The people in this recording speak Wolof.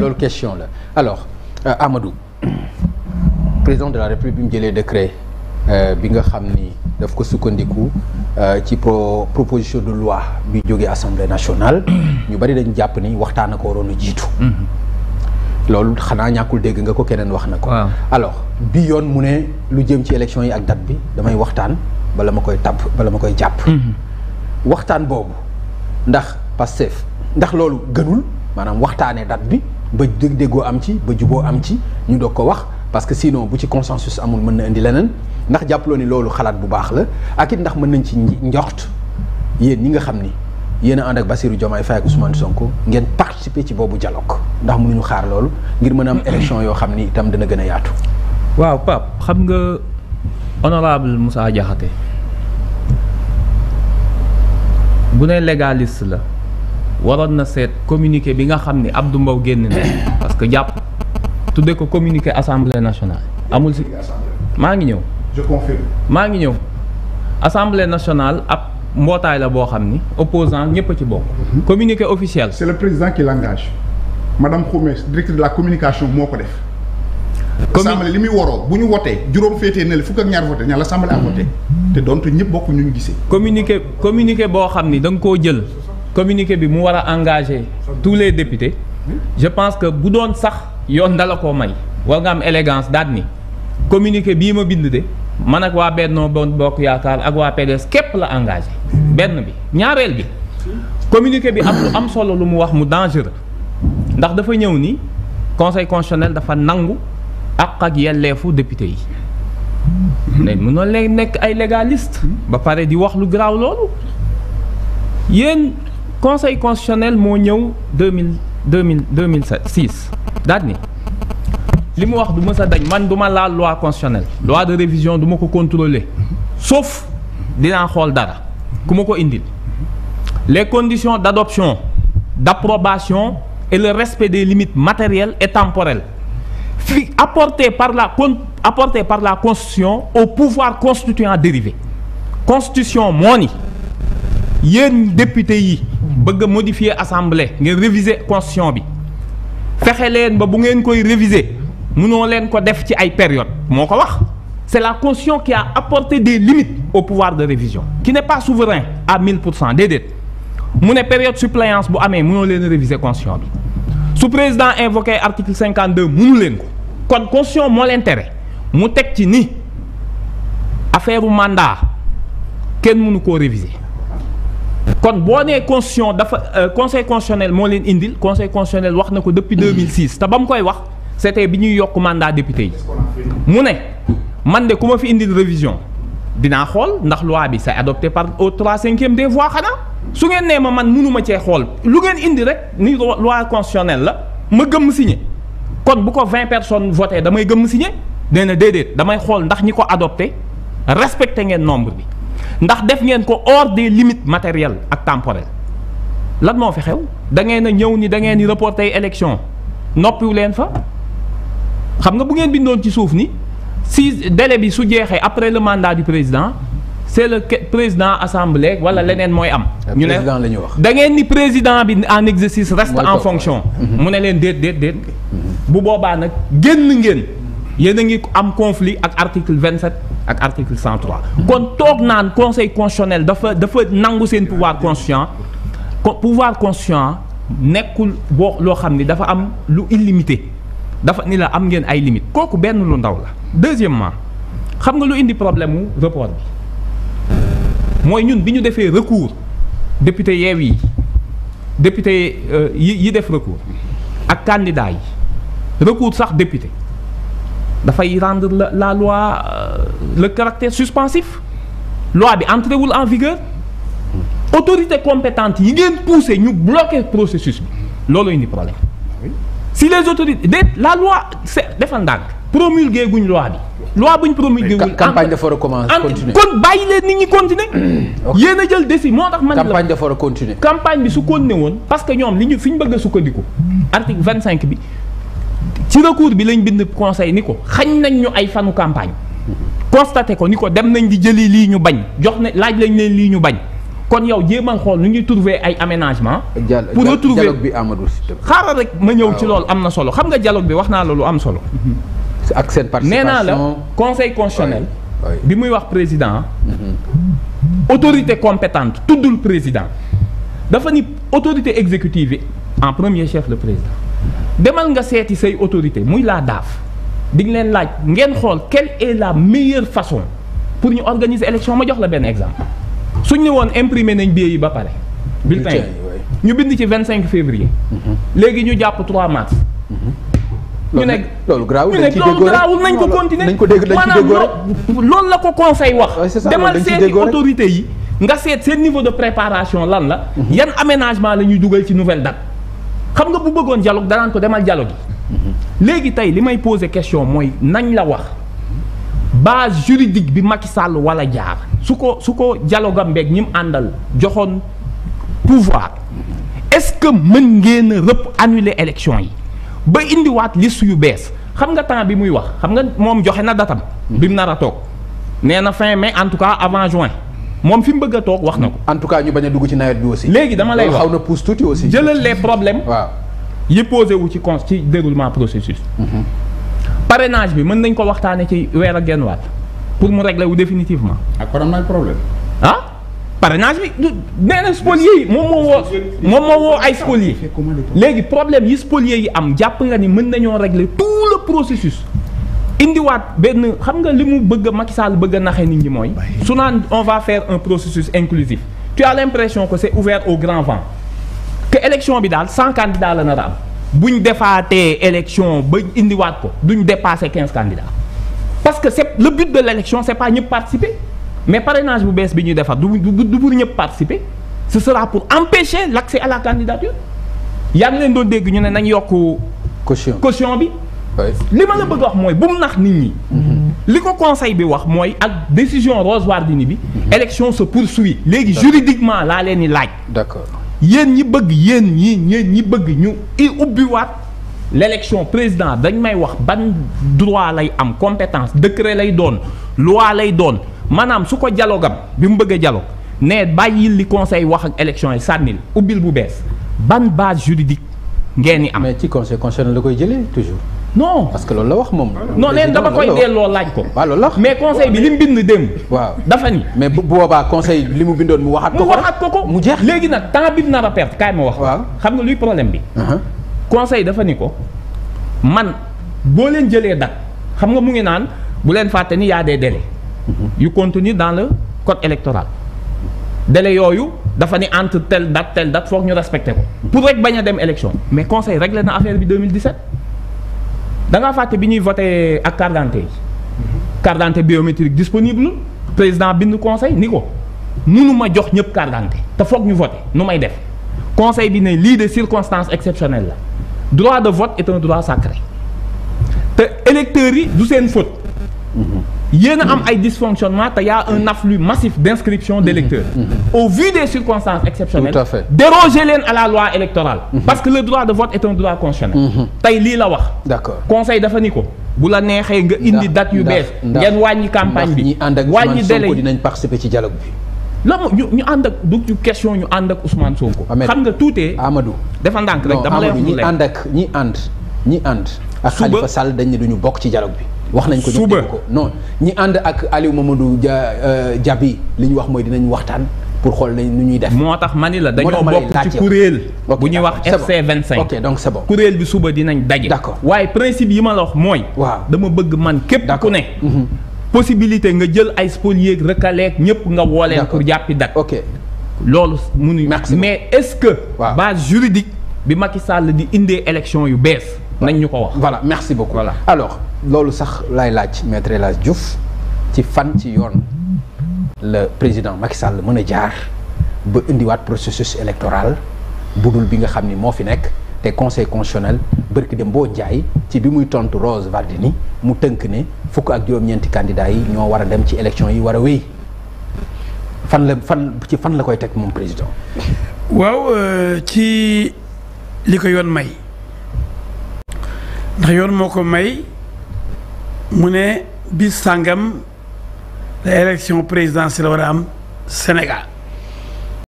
loolu question la alors euh, Amadou président de la République bi mu jëlee décret euh, bi nga xam ni daf ko sukkandiku euh, ci pro proposition de loi bi jógee assemblée nationale ñu bari dañ jàpp ni waxtaan ko waroon jiitu. Mhm. loolu xanaa ñàkkul dégg nga ko keneen wax na ko. alors bi yoon mu ne lu jëm ci élection yi ak date bi damay waxtaan bala ma koy tàpp bala ma koy jàpp. Mhm. waxtaan boobu ndax Pastef ndax loolu gënul maanaam waxtaanee dat bi. ba déggoo am ci ba juboo am ci ñu doog ko wax parce que sinon bu ci consensus amul mën na indi leneen ndax jàppaloo ni loolu xalaat bu baax la ak it ndax mën nañ ci njoxt yéen ñi nga xam ni yéen ànd ak Bassirou Diomaye Faye ak Ousmane Sonko ngeen participer ci boobu dialogue ndax mu mënuñu xaar loolu ngir mën a am élection yoo xam ni itam dana gën a yaatu. waaw Pape xam nga honorable Moussa Diakhaté bu ne légaliste la. waroon na seet communiqué bi nga xam ni ab Mbow génn na parce que jàpp tudde ko communiqué assemblée nationale amul si maa ngi ñëw je confirme maa ngi ñëw assemblée nationale ab mbootaay la boo xam ni opposant ñëpp a ci bokk mhm. communiqué officiel le président qui l'engage madame Khoumes directrice communication moo ko def assemblée li muy waroo bu ñu wotee juróom féetee na la fukk ak ñaar voté ñaar l'assemblée a voté mhm. ñu ngi gisee communiqué communiqué boo xam ni da nga koo jël communiqué bi mu war a engagé tous les députés je pense que bu doon sax yoon dala koo may war nga am élégance daat ni communiqué bii ma bind de man ak waa Benno Bokk Yaakaar ak waa PDS képp la engagé benn bi ñaareel bi communiqué bi am lu am solo lu mu wax mu dangereux ndax dafa ñëw ni conseil constitutionnel dafa nangu àq ak yelleefu député yi mais mënoo lay nekk ay légaliste hmm. ba pare di wax lu garaaw loolu yéen conseil constitutionnel moo ñëw deux mille deux mille deux mille six daal ni li mu wax du ma sa dañ man du ma laal loi constitutionnelle loi de révision duma ko contrôler soof dinaa xool dara ku ma ko indil les conditions d'adoption d'approbation et le respect des limites matérielles et temporelles fi apportées par la con apportées par la constitution au pouvoir constituant dérivé constitution moo ni yéen député yi bëgg a modifier assemblée ngeen réviser constitution bi fexe leen ba bu ngeen koy réviser munoo leen ko def ci ay période moo ko wax c'est la constitution qui a apporté des limites au pouvoir de révision ki ne pas souverain à 1000 pour cent déedéet mu ne période suppléance bu amee munoo leen réviser constitution bi su président invoqué article 52 mënu leen ko kon constitution moo leen tere mu teg ci ni affaire mandat kenn mënu koo réviser kon boo nee constitution dafa euh, conseil constitutionnel moo leen indil conseil constitutionnel wax na ko depuis 2006 mm. te ba mu koy wax c'était bi ñuy yokk mandat député yi mu ne man de ku ma fi indil révision dinaa xool ndax loi bi c'est adopté par au trois cinquième des voix xanaa su ngeen nee ma man mënuma cee xool lu ngeen indi rek ni loi constitutionnelle la ma gëmm signé kon bu ko vingt personnes voté damay gëmm signé nee na déedéet damay xool ndax ñi ko adopté respecté ngeen nombre bi ndax def ngeen ko hors des matériel ak temporelles lan moo fi xew da ngeen ñëw ni da ngeen di reporter élection noppiwu leen fa xam nga bu ngeen bindoon ci suuf ni si délai bi su jeexee après le mandat du président c'est le président assemblée wala leneen mooy am. Euh, ñu ne président la ñu wax. da ngeen ni président bi en exercice. reste en fonction. Mhm. mu ne leen déet déet mhm. bu boobaa nag génn ngeen. yéen a ngi am conflit ak article vingt-sept ak article 103 kon toog naan conseil constitutionnel dafa dafa nangu seen pouvoir constituant pouvoir constituant nekkul boo loo xam ni dafa am lu illimité dafa ni la am ngeen ay limite kooku benn lu ndaw la deuxièmement xam nga lu indi problème mu report bi mooy ñun bi ñu defee recours député yeew yi député euh, yi yi def recours ak candidat yi recours sax député dafay rendre la loi le caractère suspensif loi bi entré wul en vigueur autorité compétente yi ngeen poussé ñu bloqué processus bi loolu indi problème si les autorités de la loi c'est defal ndànk promulgué guñ loi bi loi buñ promulgué guñ campagne dafa war a commencer continuer bàyyi leen nit ñi continuer yéen a jël décision moo tax man campagne bi su continuer woon parce que ñoom li ñu fi ñu bëgg a sukkandiku article vingt cinq bi ci recours bi lañ bind conseil ni ko xañ nañ ñu ay fanu campagne constaté ko ni ko dem nañ di jëli lii ñu bañ jox na laaj lañ leen lii ñu bañ kon yow jéemal xool nu ñuy trouver ay aménagement pour retrouver bi Amadou xaaral rek ma ñëw ci ah, loolu am na solo xam nga dialogue bi wax naa la lu am solo. Mhm. ak seen participation nee naa la conseil constitutionnel. bi muy wax président. Mhm. autorité compétente tuddul président dafa nit autorité exécutive en premier chef le président demal nga seeti say autorité muy laa daaf diñ leen laaj ngeen xool quelle est la meilleure façon pour ñu organiser élection ma jox la benn exemple suñ ne woon imprimer nañ billets yi ba pare. bulletin yi ñu bind ci vingt cinq février. Mhm. léegi ñu jàpp 3 mars. Mhm. ñu ne loolu garaawul nañ ci déggoo rek nañ ko continuer nañ ko dégg dañ ci déggoo rek maanaam loolu la ko conseil wax. demal seeti autorité yi. nga seet seen niveau de préparation lan la. Mhm. yan aménagement la ñuy dugal ci nouvelle date. xam nga bu bëggoon dialogue danaan ko demal dialogue yi léegi tey li may poser question mooy nañ la wax base juridique bi mag Sall wala jaar su ko su ko dialogue mbeeg ñi mu àndal joxoon pouvoir est-ce que mën ngeen a rëpp annuler élection yi ba indiwaat liste yu bees xam nga temps bi muy wax xam nga moom joxe na datam bi mu nar a toog nee na fin mai en tout cas avant juin moom fi mu bëgg a toog wax na ko. en tout cas ñu bañ a dugg ci nawet bi aussi. léegi dama lay wax xaw na pousse tuuti aussi. jëlal les problèmes waaw. yi posé wu ci con ci déroulement processus. Mm-hmm. parrainage bi mën nañ ko waxtaanee ci weer a genn waat pour mu régler wu définitivement. ak kon am ah parrainage bi du nee na spoliés yi moom moo woo moom moo woo ay spoliés léegi problème yi spoliés yi am jàpp nga ni mën nañoo régler tout le processus. indiwaat benn xam nga li mu bëgg a Macky Sall bëgg a naxee nit ñi mooy. su naan on va faire un processus inclusif tu as l'impression que c'est ouvert au grand vent. élection bi daal cent candidats la nar a am buñ defaatee élection ba indiwaat ko duñ dépasser quinze candidats parce que c'est le but de l'élection c'est pas ñëpp participer mais parrainage bu bees bi ñuy defar du du pour ñëpp participer ce sera pour empêcher l'accès à la candidature yaa ngi leen doo dégg ñu ne nañu yokku caution caution bi li ma la bëgg wax mooy bu nax nit ñi mm-hmm. li ko conseil bi wax mooy ak décision Rose Wardini bi mm-hmm. élection se poursuit léegi juridiquement laa leen di laaj d'accord yéen ñi bëgg yéen ñi ñeen ñi bëgg ñu i ubbiwaat l'élection président dañ may wax ban droit lay am compétence décret lay doon loi lay doon maanaam su ko dialogam bi mu bëgg a dialogue ne bàyyil li conseil wax ak élection yi sànnil ubbil bu bees ban base juridique ngeen ni am. mais ci conseil la koy jëlee toujours. non parce que loolu la wax moom. no leen dama koy delloo laaj ko. waaw loolu mais conseil bi li mu bind démb. waaw dafa ni. mais boobaa conseil li mu bindoon mu waxaat. ko mu waxaat ko ko mu jeex. léegi nag temps bi mu nar a perte kaay ma wax. xam nga luy problème bi. Uh-huh. conseil dafa ni ko man boo leen jëlee dat xam nga mu ngi naan bu leen fàtte ni y a des uh-huh. yu continuer dans le code électoral. délai yooyu dafa ni entre telle date telle date foog ñu respecté ko. pour rek bañ a dem élection mais danga ngaa fàtte bi ñuy voté ak carte d'identité yi mhm. carte d'identité biométrique disponible président bind conseil ni ko munu ma jox ñëpp carte d'identité te foog ñu voté nu may def conseil bi ne lii de circonstance exceptionnelle la droit de vote est un droit sacré te électeurs yi du seen faute mhm. yéen a am ay dysfonctionnement te y a un afflux massif d'inscription d'électeurs mm-hmm. mm-hmm. au vu des circonstances exceptionnelles déroger leen à la loi électorale mm-hmm. parce que le droit de vote est un droit constitutionnel tey lii la wax d'accord conseil dafa ni ko bu la neexee nga indi date yu bees ngeen wàññi campagne bi wàññi délai dinañ participer ci dialogue bi la ñu ànd ak du ci question ñu ànd ak Ousmane Sonko. xam nga tuutee Amadou. dafa ndànk rek dama lay wax ñi ànd ak ñi ànd ñi ànd. ak dañ ne duñu bokk ci dialogue bi. wax nañ ko suba ko non ñi ànd ak ma Aliou Mamadou Dia euh, Diaby li ñu wax mooy dinañ waxtaan pour xool nañ nu ñuy def. moo tax ma ni la dañoo bokk ci kuréel. bu ñuy wax FC vingt ok donc c'est kuréel bi suba dinañ daje. d'accord waaye principe yi ma la wax mooy. waaw dama bëgg man képp ku ne. Mhm. possibilité nga jël ay spoliés recalés ñëpp nga wooleen pour jàppi date. ok loolu mënuñ. mais est-ce que. waaw base juridique bi Macky Sall di indee élection yu bees. nañ ñu ko wax merci beaucoup. voilà alors. loolu sax laay laaj maître El Hadj Diouf ci fan ci yoon la président Macky Sall mën a jaar ba indiwaat processus électoral budul bi nga xam ni moo fi nekk te conseil constitutionnel bërki dem boo jaay ci bi muy tontu Rose Wardini mu tënk ne fukk ak juróom-ñeenti candidats yi ñoo war a dem ci élection yi war a wéy fan la fan ci fan la koy teg moom président. waaw euh, ci li ko yoon may. ndax yoon moo ko may. mu ne bis sàngam la élection présidentielle war a am Sénégal